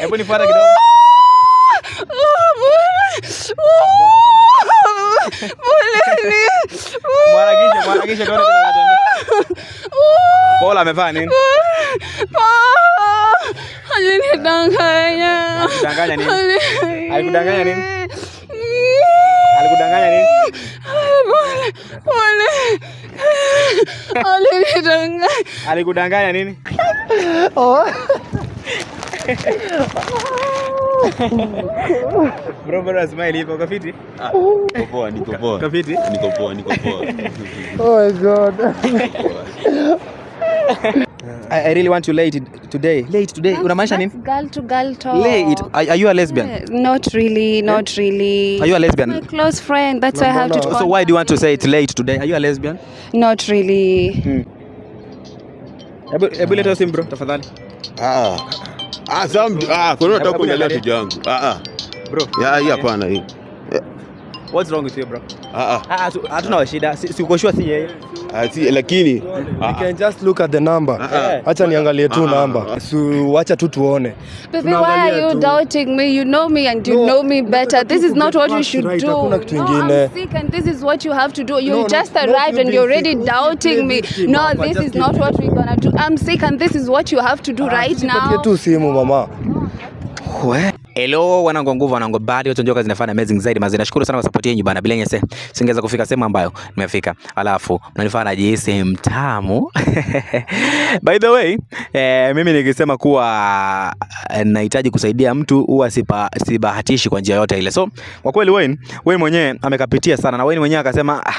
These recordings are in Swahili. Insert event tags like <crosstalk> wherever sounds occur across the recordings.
Hebu nifuata kidogo. amevaa nini? Alinidanganya. Alikudanganya nini? Alikudanganya nini? Alikudanganya nini? Oh. Bro, bro, smile ipo kwa fiti? Ah, niko poa, niko poa. Kwa fiti? Oh my god. I, really want to lay today. Lay it today. Unamaanisha nini? Girl to girl talk. Lay Are, you a lesbian? not really, not really. Are you a lesbian? My close friend, that's why I have to So why do you want to say it late today? Are you a lesbian? Not really. Hmm. Hebu hebu leta simu bro, tafadhali. Ah. Ah, sam ah, kuna nini unataka leo kijangu? Ah ah. Bro. Ya hii hapana hii. What's wrong with you bro? Ah ah. know, ah, ah, ah, shida. Si uko sure si yeye. Ah si lakini You can just look at the number. Acha niangalie tu number. So acha tu tuone. Baby why are you doubting me? You know me and you know me better. This is not what you should do. No, I'm sick and this is what you have to do. You just arrived and you're already doubting me. No, this is not what we're gonna do. I'm sick and this is what you have to do right now. Patie tu simu mama. Where? Hello wanangu nguvu wanangu bado yote njoka zinafanya amazing zaidi mazi. Nashukuru sana kwa support yenu bana. Bila nyese singeweza kufika sehemu ambayo nimefika. Alafu mnanifanya najihisi mtamu. <laughs> By the way, eh, mimi nikisema kuwa eh, nahitaji kusaidia mtu huwa sipa sibahatishi kwa njia yote ile. So kwa kweli Wayne, Wayne mwenyewe amekapitia sana na Wayne mwenyewe akasema ah,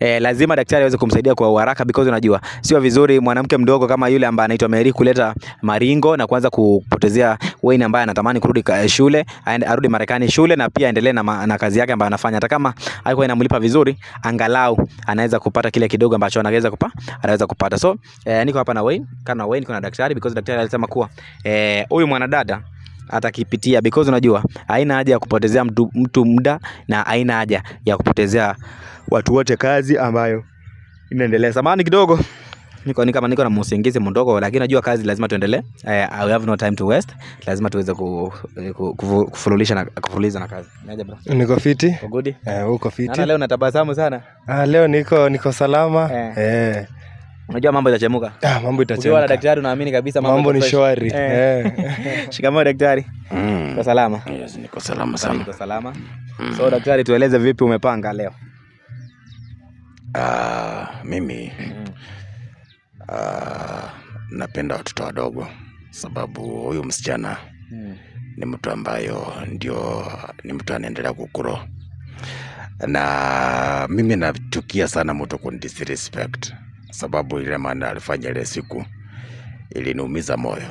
eh, lazima daktari aweze kumsaidia kwa haraka because unajua sio vizuri mwanamke mdogo kama yule ambaye anaitwa Mary kuleta maringo na kuanza kupotezea Wayne ambaye anatamani kurudi eh, shule, arudi Marekani shule na pia aendelee na, na kazi yake ambayo anafanya. Hata kama haikuwa inamlipa vizuri, angalau anaweza kupata kile kidogo ambacho anaweza kupa, anaweza kupata. So eh, niko hapa na Wayne, kana Wayne kuna daktari because daktari alisema kuwa eh, huyu mwanadada atakipitia because unajua haina haja ya kupotezea mtu, mtu muda na haina haja ya kupotezea watu wote kazi ambayo inaendelea. Samani kidogo niko ni kama niko na msingizi mdogo, lakini najua kazi lazima tuendelee. Eh, I have no time to waste, lazima tuweze ku, eh, ku, ku, na kufuliza na kazi. bro, niko fiti. good? Eh, uko fiti. Na leo natabasamu sana. Ah, leo niko niko salama eh. eh. Unajua mambo itachemuka. Ah, mambo itachemuka. Ukiwa na daktari unaamini kabisa mambo, mambo ni shwari. Eh. eh. <laughs> Shikamoo daktari. Mm. Uko salama? Yes, niko salama sana. Niko salama. Mm. So daktari, tueleze vipi umepanga leo? Ah, mimi mm. Ah, napenda watoto wadogo sababu huyu msichana hmm. ni mtu ambayo ndio ni mtu anaendelea kukuro na mimi nachukia sana mtu kunidisrespect sababu ile maneno alifanya ile siku iliniumiza moyo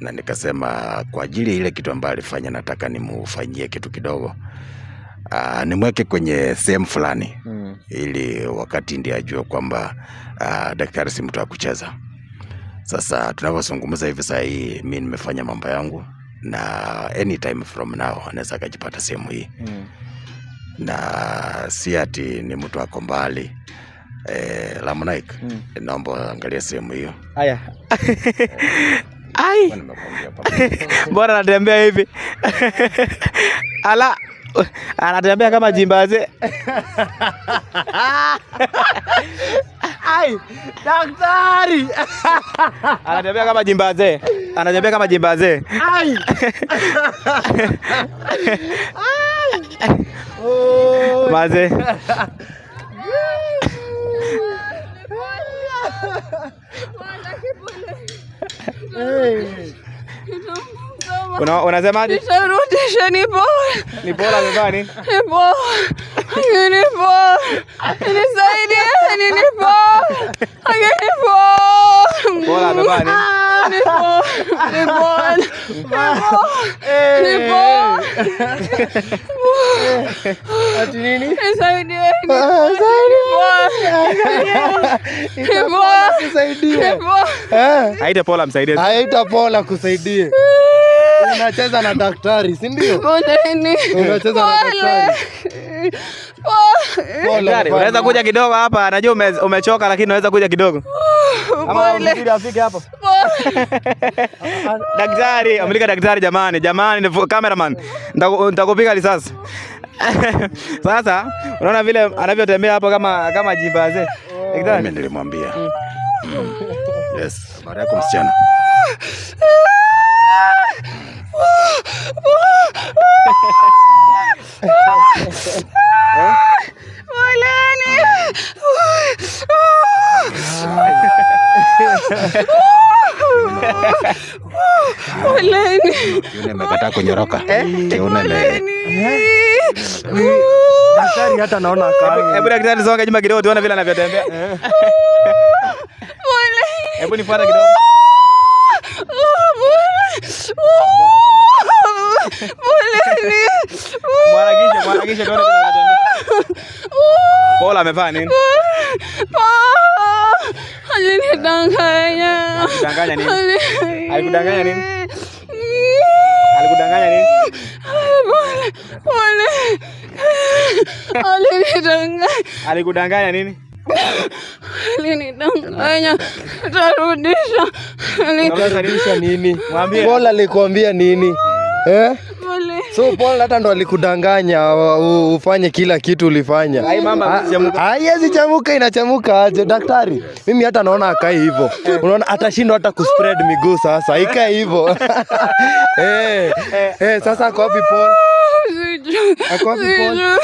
na nikasema kwa ajili ile kitu ambayo alifanya nataka nimufanyie kitu kidogo uh, nimweke kwenye sehemu fulani mm. ili wakati ndi ajue kwamba uh, daktari si mtu kucheza. Sasa tunavyozungumza hivi saa hii, mi nimefanya mambo yangu na anytime from now anaweza akajipata sehemu hii mm. na si ati ni mtu ako mbali eh, Lamonike mm. naomba angalia sehemu hiyo. Haya <laughs> ai, mbona <laughs> natembea hivi <laughs> ala anatembea kama jimbaze. Ai, daktari anatembea kama jimbaze, anatembea kama jimbaze. Ai. Oh. <laughs> Maze. Hey. Una, unasemaje? Nisharudisha ni bora. Ni bora nyumbani? Ni bora. Ni bora. Nisaidie, ni bora. Ni bora. Bora nyumbani? Ah, ni bora. Ni bora. Ni bora. Eh. Ati nini? Nisaidie. Nisaidie. Ah, ni bora. Eh. Haitapola msaidie. Haitapola kusaidie. Ah unacheza na daktari, si ndio? Unacheza na daktari. Daktari, unaweza kuja kidogo hapa, najua umechoka lakini unaweza kuja kidogo. Oh, Ama msiri afike hapa. <laughs> Daktari, amlika daktari jamani, jamani cameraman. Nitakupiga risasi. <laughs> Sasa unaona vile anavyotembea hapo kama kama jimbaze. Daktari, mimi nilimwambia. Mm. Yes, habari yako msichana. Ah. Imekataa kunyoroka. Eh? Daktari hata naona kama. Hebu daktari songa nyuma kidogo tuone vile anavyotembea. Eh. Hebu nifuata kidogo. Mwanakisha, mwanagisha tuone kile anatembea. Pola amevaa nini? Alinidanganya. Alinidanganya nini? Alikudanganya nini? Alikudanganya nini? Pole. Alinidanganya. Alikudanganya nini? Alinidanganya. Tarudisha. Tarudisha nini? Mwambie. Pola alikwambia nini? Eh? So Paul hata ndo alikudanganya ufanye kila kitu ulifanya. Hai mama isichamuka. Haiwezi chamuka inachamuka aje daktari. Mimi hata naona akae hivyo. Unaona atashindwa hata kuspread miguu sasa. Ikae hivyo. <laughs> Eh. Eh sasa kwa wapi Paul? Ako wapi Paul?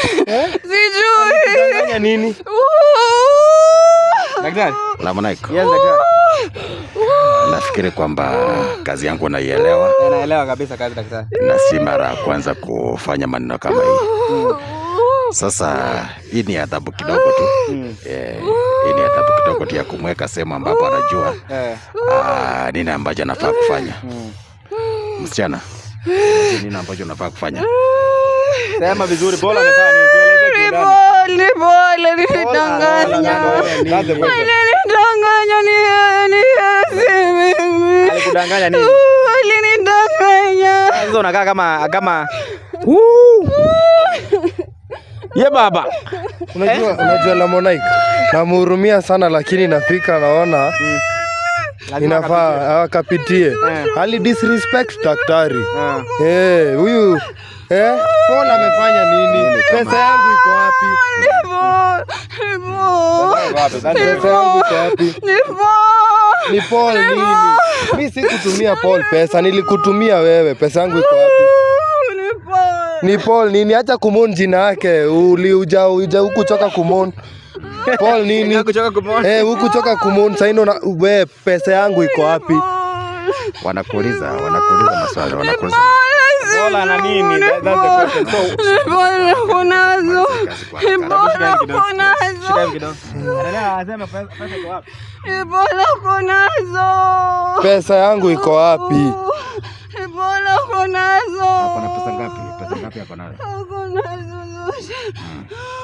Sijui. Eh? Unadanganya nini? Daktari. Salamu alaykum. Yes daktari. Nafikiri kwamba kazi yangu naielewa, naelewa kabisa kazi daktari, na si mara ya kwanza kufanya maneno kama hii Sasa hii ni adhabu kidogo tu hii ni adhabu kidogo tu ya kumweka sehemu ambapo anajua nini ambacho anafaa kufanya Msichana, nini ambacho unafaa kufanya? Sema vizuri, bora amefanya nini? ni ni mimi. Alikudanganya nini? Alinidanganya. Sasa unakaa kama kama Ye baba. Unajua eh? Unajua na Monaika. Namhurumia sana lakini nafika naona mm. Inafaa akapitie ah, eh. Ali disrespect daktari ah. eh, huyu eh, Paul amefanya nini? Pesa yangu iko wapi? Pesa yangu iko wapi? Ni Paul nini? Mimi sikutumia Paul pesa, nilikutumia wewe. Pesa yangu iko wapi? Ni Paul nini? Acha kumon jina yake. Uliuja uja huku toka kumon. Paul <laughs> nini? Eh, huku toka kumon. Sasa na wewe pesa yangu iko wapi? Wanakuuliza, wanakuuliza maswali, wanakuuliza. Pesa yangu iko wapi? Bola hmm.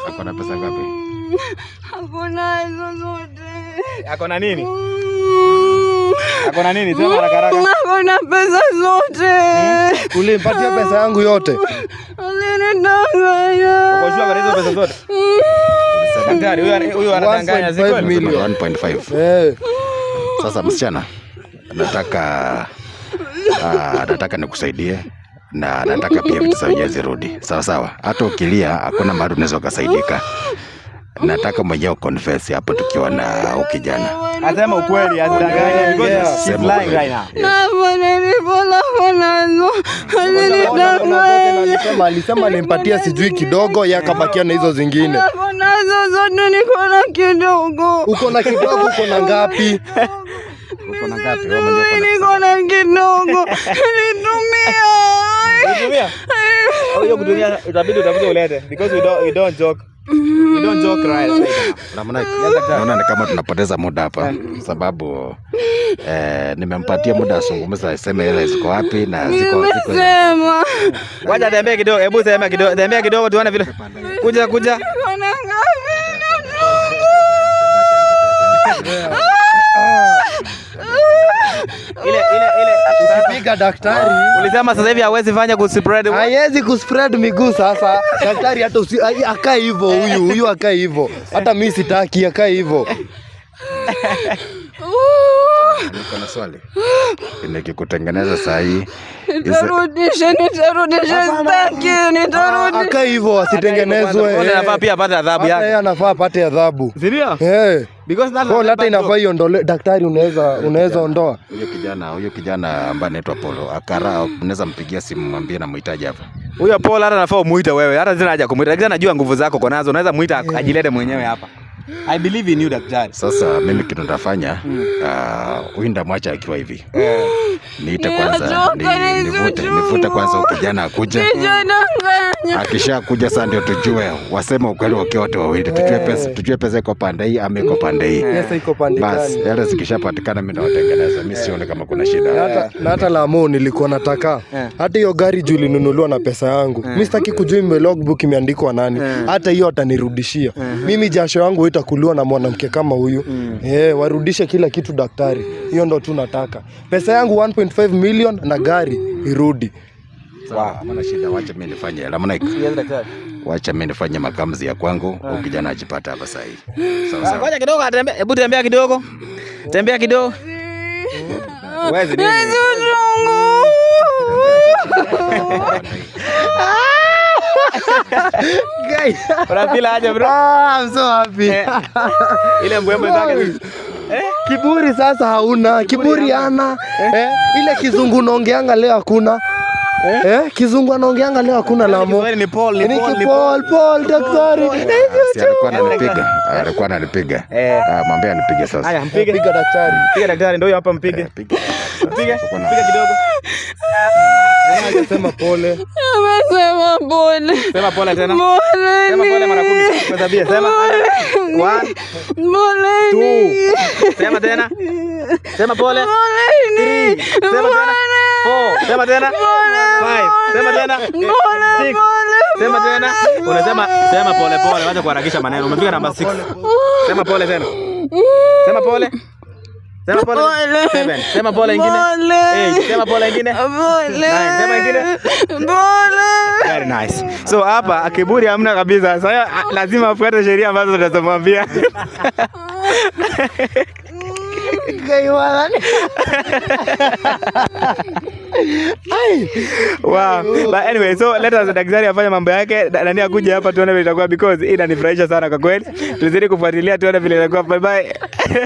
Ako na pesa ngapi? Hmm. Ako nazo zote. Ako na nini? Hmm. Ako na nini? Sema haraka haraka na pesa zote. Hmm? Ulinipatia pesa yangu yote. Ulinidanganya. Ukajua habari hizo pesa zote. Daktari huyo anadanganya ziko 1.5. Eh. Sasa msichana nataka ah, nataka nikusaidie na nataka pia vitu zenyewe zirudi sawa sawa. Hata ukilia hakuna mahali unaweza ukasaidika. Nataka mwenyewe confess hapo tukiwa na ukijana. Asema ukweli, asidanganye because she's lying right now. Yes alisema alimpatia sijui kidogo, yakabakia na hizo zingine. Nazo zote niko na kidogo. Uko na kidogo, uko na ngapi? Niko na kidogo, nitumia itabidi utafute ulete because we don't joke Mm-hmm. <laughs> Naona kama tunapoteza muda hapa, mm. sababu eh, nimempatia muda azungumza, aseme hela ziko wapi na ziko ziko. Wacha tembea kidogo, hebu sema kidogo, tembea kidogo tuone vile. Kuja kuja. Ile ile Ukipiga daktari. Ulisema sasa hivi hawezi fanya ku kuspread. Hawezi spread miguu sasa. Daktari hata akae hivyo huyu, huyu akae hivyo. Hata mimi sitaki akae hivyo. Niko na swali. kikutengeneza saa hii. Nitarudisha, nitarudishe, sitaki, nitarudisha. Akae hivyo asitengenezwe. Anafaa pia apate adhabu yake. Yeye anafaa apate adhabu. Siria? Eh hata inafaa iondole daktari, unaweza <laughs> unaweza ondoa huyo kijana huyo kijana ambaye anaitwa Polo Akara, unaweza mpigia simu mwambie namhitaji hapa. Huyo Polo hata nafaa umuite wewe, hata zinaja haja kumuita, lakini najua nguvu zako uko nazo, unaweza muita ajilete mwenyewe hapa. I believe in you daktari. Sasa mimi kitu nitafanya hmm. uh, winda mwacha akiwa hivi hmm. niite kwanza ni, nivute nivute kwanza ukijana akuja akisha kuja sasa ndio tujue waseme ukweli wakiwa wote wawili tujue pesa eh. tujue pesa iko pande hii ama iko pande hii eh. pesa iko pande gani basi hela zikishapatikana mimi nawatengeneza mimi sioni kama kuna shida hata na hata lamo nilikuwa nataka eh. hata hiyo gari juu ilinunuliwa na pesa yangu mimi sitaki kujua ime logbook imeandikwa nani hata hiyo atanirudishia mimi jasho yangu ita utakuliwa na mwanamke kama huyu mm. Eh, warudishe kila kitu daktari. Hiyo ndo tu nataka pesa yangu 1.5 million na gari irudi. Hamna shida, wacha mimi nifanye hela ya kwangu, ah. huyu kijana ajipata hapa sasa hivi. Sawa ah, kidogo, Hebu tembea kidogo, tembea kidogo. Wezi wezi, Mungu <laughs> <laughs> Guys, bro? Ah, so happy. Eh, ile zake Eh? Kiburi sasa hauna, kiburi, kiburi ana. Eh? eh? Ile kizungu naongeanga leo hakuna. Eh? eh? Kizungu anaongeanga leo hakuna yaani lamo. Ni Paul, ni yaani Paul, ni Paul, Paul daktari. Eh, alikuwa ananipiga. Alikuwa ananipiga. Eh. Ah, mwambie anipige sasa. Haya, mpige. daktari. daktari ndio hapa mpige piga kidogo sema pole sema pole sema pole tena sema pole mara kumi kwa tabia sema one two sema tena sema pole three sema tena four sema tena five sema tena six sema tena unasema sema pole pole wacha kuharakisha maneno umefika namba 6 sema pole tena sema pole Sema pole. Seven. Sema pole ingine. Hey, Sema pole ingine. Pole. Nine. Sema ingine. Pole. Very nice. So hapa kiburi hamna kabisa. Sasa ah, lazima afuate sheria ambazo tunazomwambia. Gaiwalan. Ai. Wow. But anyway, so let us Daktari afanye mambo yake, nani akuje hapa tuone vile itakuwa because inanifurahisha sana kwa kweli. Tuzidi kufuatilia tuone vile itakuwa. Bye bye.